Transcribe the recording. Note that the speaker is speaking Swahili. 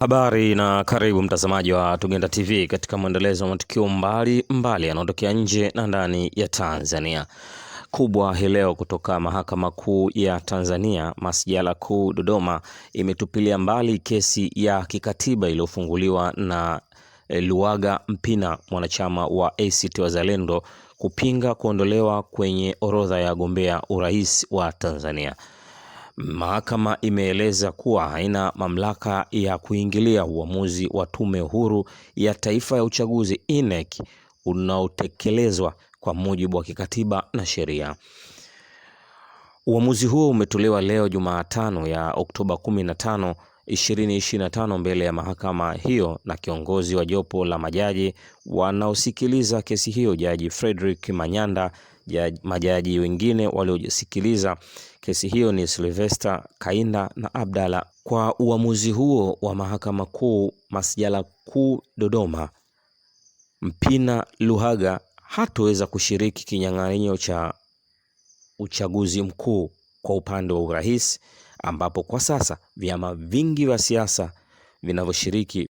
Habari na karibu mtazamaji wa Tugenda TV katika mwendelezo wa matukio mbalimbali yanayotokea nje na ndani ya Tanzania. Kubwa hii leo kutoka Mahakama Kuu ya Tanzania, Masjala Kuu Dodoma imetupilia mbali kesi ya kikatiba iliyofunguliwa na eh, Luhaga Mpina, mwanachama wa ACT Wazalendo, kupinga kuondolewa kwenye orodha ya wagombea urais wa Tanzania. Mahakama imeeleza kuwa haina mamlaka ya kuingilia uamuzi wa Tume Huru ya Taifa ya Uchaguzi INEC unaotekelezwa kwa mujibu wa kikatiba na sheria. Uamuzi huo umetolewa leo Jumatano ya Oktoba 15, 2025 mbele ya mahakama hiyo na kiongozi wa jopo la majaji wanaosikiliza kesi hiyo Jaji Frederick Manyanda Majaji wengine waliosikiliza kesi hiyo ni Sylvester Kainda na Abdalla. Kwa uamuzi huo wa Mahakama Kuu Masjala Kuu Dodoma, Mpina Luhaga hatoweza kushiriki kinyang'anyiro cha uchaguzi mkuu kwa upande wa urais ambapo kwa sasa vyama vingi vya siasa vinavyoshiriki